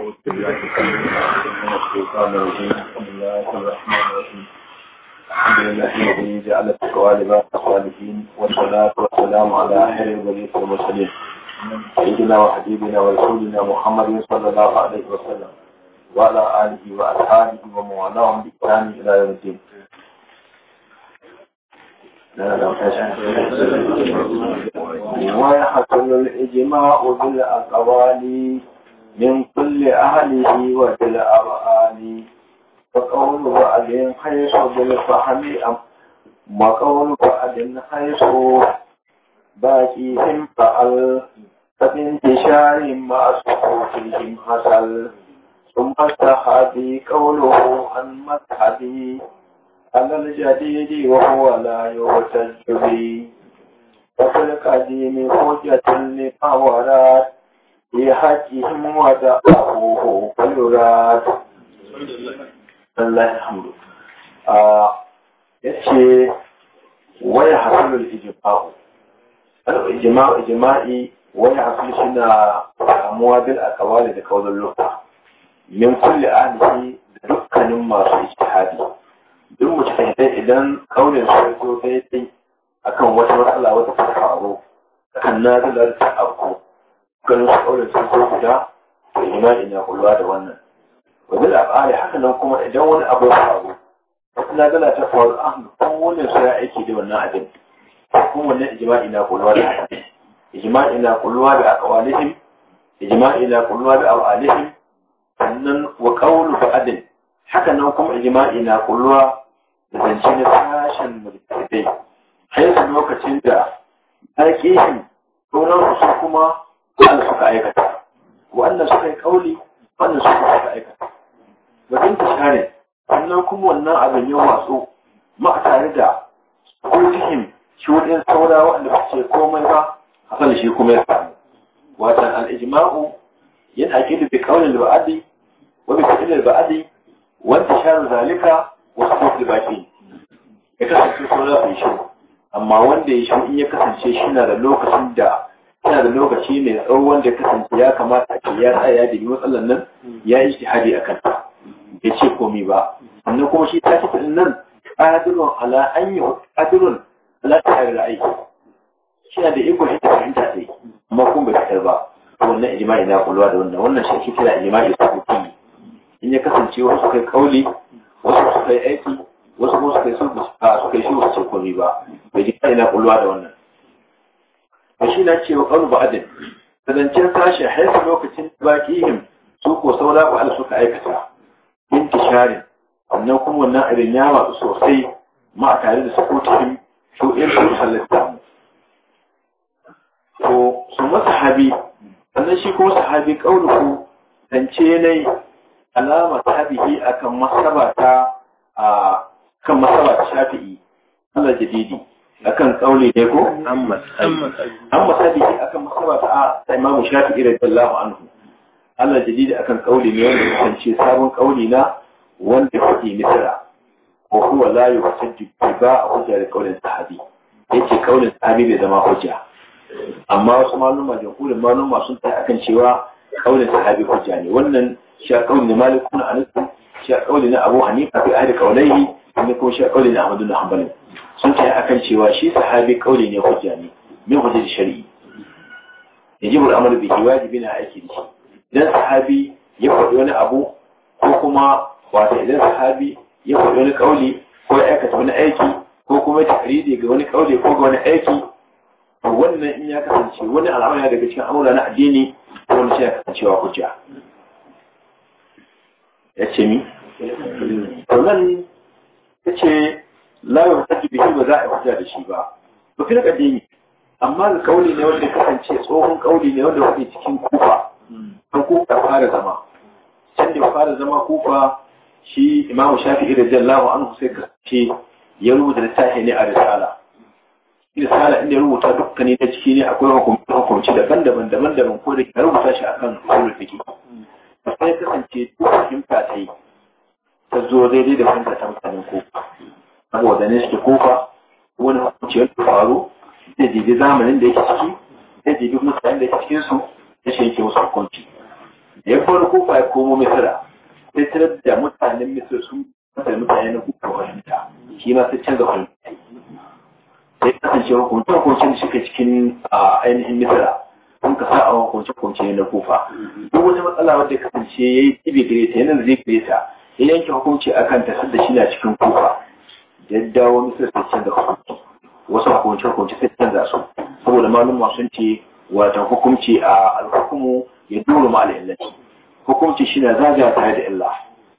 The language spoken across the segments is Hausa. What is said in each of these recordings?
أعوذ بالله من الشيطان الرجيم بسم الله الرحمن الرحيم الحمد لله الذي جعل التقوالب الصالحين والصلاة والسلام على آخر الوليد والمرسلين سيدنا وحبيبنا ورسولنا محمد صلى الله عليه وسلم وعلى آله وأصحابه وموالاهم بإحسان إلى يوم الدين ويحصل الإجماع بالأقوال من كل أهله وكل أرآني وقول وعد حيث بالفحم وقول وعد حيث باقيهم فعل فبانتشار مع سقوطهم حصل ثم استحدي قوله عن مذهبي على الجديد وهو لا يرتج بي وفي القديم حجة للحوارات بحجهم ودقوه كل رات الله Ya ce, waya hasilul ijma'u al-ijma'u ijma'i waya hasil shina samuwa bil aqwali da qawlan lufa min kulli ahlihi da dukkanin masu ijtihadi duk dai idan kaulin su zo dai akan wata matsala wata ta faru akan nazila ta abu ganin ƙaunar sun so guda da imanin ya kulwa da wannan wajen al'ada haka nan kuma idan wani abu ya faru wasu na gana ta faru an ah, kan wannan su ya aiki da wannan abin kuma wannan ijma'i na kulwa da abin ijma'i na kulwa da aqwalihim ijma'i na kulwa da aqwalihim sannan wa qawlu ba'din haka nan kuma ijma'i na kulwa da zance na sashen mulkitai har lokacin da tarkihin sunan su kuma wanda suka aikata wanda suka yi kauli wanda suka suka aikata wajen ta share sannan kuma wannan abin ya masu ma tare da kotihim shuɗin saura wanda ba ce komai ba a shi kuma ya samu watan al'ijma'u yana akidu bi kaulin ba'adi wani bi ba'adi wanda share zalika wasu kotu baki ya kasance saura sun shi amma wanda ya shi in ya kasance shi na da lokacin da Yana da lokaci mai tsawo wanda kasance ya kamata a ce ya tsaya da yi matsalan nan ya yi hadi a kanta bai ce komi ba sannan kuma shi ta tafi nan ƙadirun ala an yi ƙadirun ala ta yi ra'ayi shi da iko shi ta fahimta sai amma kun bai fitar ba wannan ijma'i na kulwa da wannan wannan shi ake kira ijma'i sabuki in ya kasance wasu kai kauli wasu su kai aiki wasu kuma su kai su ba su kai shi wasu ce komi ba bai ji ina kulwa da wannan shi na cewa ƙaunu ba adin sashe haifu lokacin baƙihim su ko saura ba suka aikata intisharin sannan kuma wannan abin ya watsu sosai ma a tare da sukutihim su in su halitta to su masa habi sannan shi kuma sahabi ku zance ne alama sahabihi akan masaba ta a kan masaba ta shafi'i Allah jadidi akan tsauli ne ko an masali an masali ne akan masaba ta a imamu shafi irin sallahu anhu Allah jadidi akan kauli ne wanda kasance sabon kauli na wanda kake misira ko huwa la yusaddiq ba a hujja da kaulin sahabi yace kaulin sahabi bai zama hujja amma wasu maluma jamhurin maluma sun ta akan cewa kaulin sahabi hujja ne wannan shi kaulin na malik kuna anas shi kaulin na abu hanifa fi ahli kaulaihi ne kuma shi kaulin na ahmadu bin hanbal sun ta akan cewa shi sahabi kauli ne hujja ne min hujjar shari'i yajibu al'amalu bihi wajibi na aiki da shi idan sahabi ya faɗi wani abu ko kuma wata idan sahabi ya faɗi wani kauli ko ya aikata wani aiki ko kuma takridi ga wani kauli ko ga wani aiki to wannan in ya kasance wani al'amari daga cikin amura na addini ko wani shi ya kasancewa hujja ya ce mi to nan ya ce la ya hujja bihi ba za a hujja da shi ba ba fi rika dini amma da kauli ne wanda ya kasance tsohon kauli ne wanda wake cikin kufa kan kufa fara zama can da fara zama kufa shi imamu Shafi da jallahu anhu sai kasance ya rubuta littafi ne a risala risala inda ya rubuta dukkanin da ciki ne akwai hukumci daban-daban daban-daban ko da ya rubuta shi akan usulul fiqh sai kasance fahimta ta yi ta zo daidai da fahimta ta mutanen kufa saboda ne shi kofa wani hukunciyar da faru da jibi zamanin da yake ciki da jibi mutane da yake cikin su da shi yake wasu hukunci da ya faru kofa ya komo misira sai tare da mutanen misira sun da mutane na kuka fahimta shi ma sai canza fahimta sai kasance hukuncin hukuncin da suke cikin ainihin misira sun ka sa a hukuncin hukunci na kofa. duk wata matsala wadda kasance ya yi tibi gare ta yanar zai gireta, ya yanke hukunci akan ta sadda shi na cikin kofa. ya dawo misir sai canza hukunci wasu hukunce hukunce sai canza su saboda malum sun ce watan hukunci a alhukumu ya duru ma al'illaci hukunci shi na zagaya tare da illa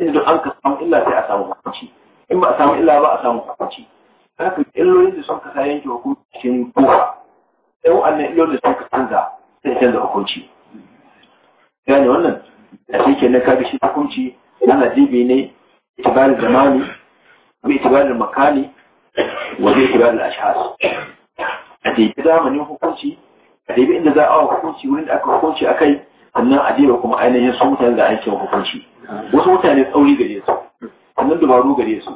inda an ka samu illa sai a samu hukunci in ba a samu illa ba a samu hukunci haka illolin da sun kasa yanke hukuncin kofa sai wa'annan illolin da sun ka canza sai canza hukunci gane wannan da shi ke na kaga shi hukunci ana jibi ne itibarin zamani باعتبار المكان وباعتبار الأشخاص أدي بدا من hukunci أدي بإن ذا أو hukunci wurin da aka hukunci akai sannan a diba kuma ainihin su mutane da aikin hukunci wasu mutane tsauri gare su sannan dubaru gare su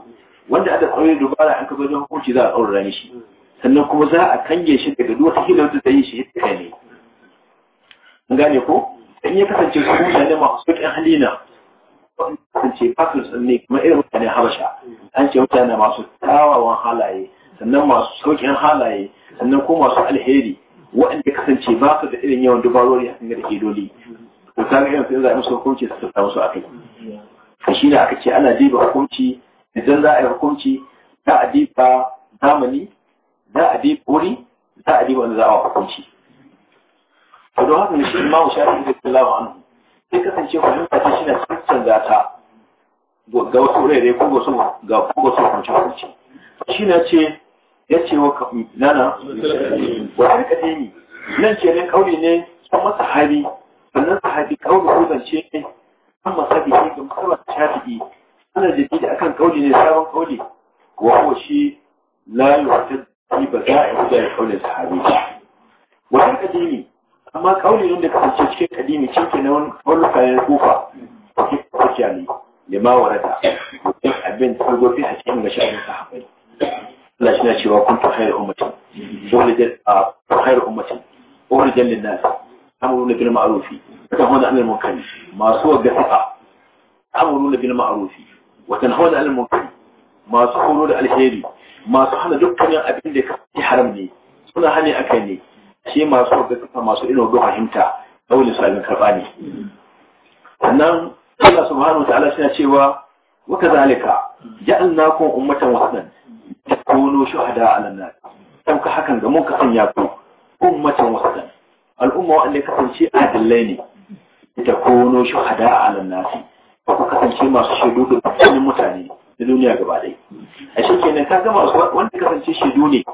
wanda aka tsauri dubara an kaga hukunci za tsaurara shi sannan kuma za a kange daga duk wata hilar da yi shi hidda ne an gane ko in ya kasance su mutane masu sauƙin kasance ne kamar irin mutane habasha an ce mutane masu kyawawan halaye sannan masu sauƙin halaye sannan ko masu alheri waɗanda kasance ba su da irin yawan dubarori hakan da ke dole to ta ga yanzu za a yi musu hukunci su ta musu akai to shi ne aka ce ana diba hukunci idan za a yi hukunci za a diba zamani za a diba wuri za a diba wanda za a hukunci to don haka ne shi ma imamu shafi'i da sallahu anhu sai kasance fahimta ta shi na cikin canza ta ga wasu wurare ko wasu ga ko wasu kwanci kwanci shi na ce ya ce wa nana wa har kadimi nan ce ne kauli ne san masa hali sannan sahabi kauli ko zance ne an masabi ne ga musamman shafi'i ana jiki da akan kauli ne sabon kauli wa huwa shi la yu'tad bi baza'i da kauli sahabi wa har kadimi amma kauli ne da kasance cikin kadimi cikin na wani kauli kayan kufa ma warata abin turgofi a cikin ga shirin sahabbai Allah shi na cewa kun ta khairu ummatin ukhrijat khairu ummatin ukhrijat lin nas amruna bil ma'ruf wa tanhauna 'anil munkar masu wagga sifa amruna bil ma'ruf wa tanhauna 'anil munkar masu horo da alheri masu hana dukkanin abin da ke haram ne suna hane akai ne shi masu wagga sifa masu ino do fahimta dole su abin karba ne sannan Allah subhanahu wa ta'ala shi cewa wa kazalika ja'alnakum ummatan wasatan takunu shuhada 'ala an-nas dan ka hakan ga mun ka sanya ku ummatan wasatan al'umma wanda kasance adillai ne takunu shuhada 'ala an-nas ku kasance masu shaidu ga dukkanin mutane da duniya gaba ɗaya a shi kenan ka gama wanda kasance shaidu ne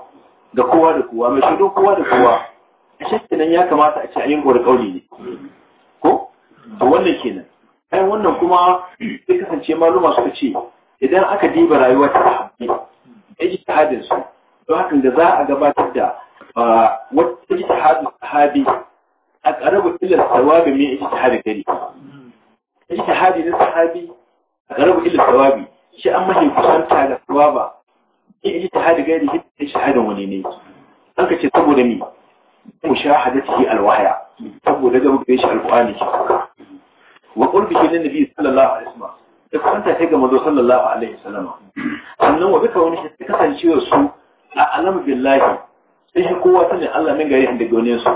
ga kowa da kowa mai shaidu kowa da kowa a shi kenan ya kamata a ci a yin kauli ne ko to wannan kenan ai wannan kuma sai kasance maluma suka ce idan aka diba rayuwa ta sahabbai ijtihadin su don hakan da za a gabatar da wata ijtihadin sahabi a karabu illar sawabi mai ijtihadi gari ya ji ijtihadi na sahabi a karabu illar sawabi shi an mahi kusanta da sawaba in ijtihadi gari ya ijtihadin wani ne an ka ce saboda ni mu shahadatihi alwahya saboda gaba ga mu gaishe alqur'ani wa qurbihi lin nabi sallallahu alaihi wasallam da kwanta sai ga manzo sallallahu alaihi wasallam sannan wa bika wani shi kasancewa su a alam billahi sai shi kowa sanin Allah min gari da gonin su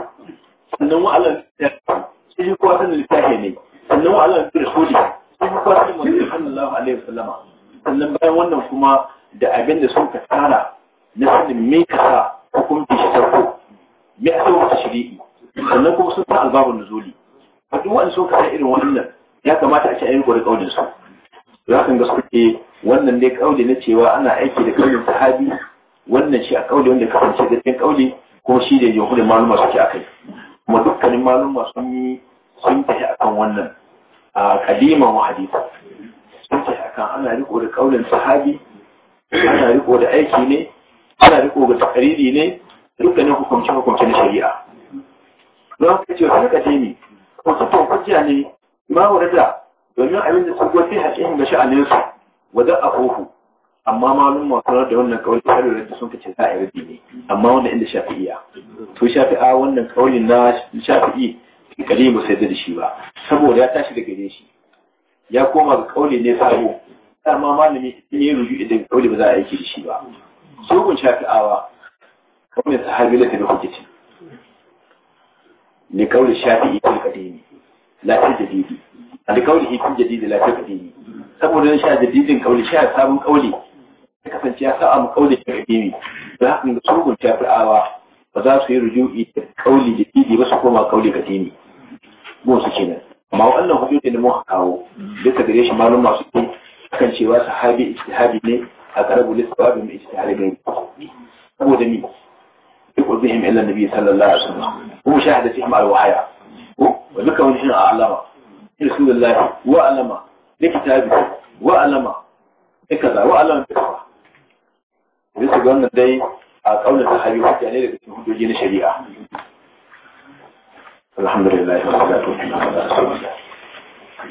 sannan wa Allah sai shi kowa sanin littafi ne sannan wa Allah da rasuli sai shi kowa sanin manzo sallallahu alaihi wasallam sannan bayan wannan kuma da abin da sun ka tsara na sanin me ka sa hukunci shi tarko me a sauka shari'i sannan kuma sun ta albabun nuzuli a duk wani sun kaɗa irin wannan ya kamata a ce ayyuka da ƙaunin su za ka ga suke wannan dai ƙauli na cewa ana aiki da ƙaunin sahabi wannan shi a ƙauli wanda kasance gaskiyar ƙauli kuma shi da jihudin maluma suke a kai kuma dukkanin maluma sun yi sun tafi akan wannan a kadiman wa hadisa sun tafi akan ana riko da ƙaunin sahabi ana riko da aiki ne ana riko da takariri ne dukkanin hukumce hukumce na shari'a don haka ce wata ka ce ni wasu to hujja ne ma warda domin abin da sun gwafi a cikin sha'anin su wada a kofu amma malum masu da wannan kawai ta da sun kace za a rabi ne amma wannan inda shafi'iya to shafi'a wannan kawai na shafi'i kare mu sai da shi ba saboda ya tashi daga gare shi ya koma ga kawai ne sabo amma malami sun yi ruju idan kawai ba za a aiki da shi ba so shafi'awa kawai sahabi da ta da hujjati لقول الشافعي في القديم لا A لقوله في الجديد لا في القديم saboda sha jadidin kauli sha sabon kauli ya kasance ya sa mu kauli da kadimi da haka ga sugun ba za su yi ruju'i da kauli jadidi ba su koma kauli kadimi mu su kenan amma wannan hujjoji da muka kawo duka gare shi malum masu yi kan cewa sahabi ijtihadi ne a karabu lissabi mai ijtihadi gani saboda ni duk sallallahu alaihi هو شهادتهم على الوحياة وذكر من هنا أعلم رسول الله وألم لكتابه wa alama da بكرة bisa ga wannan dai a kaunar sahabi hujja ne daga cikin hujjoji na shari'a alhamdulillah wa salatu wa salam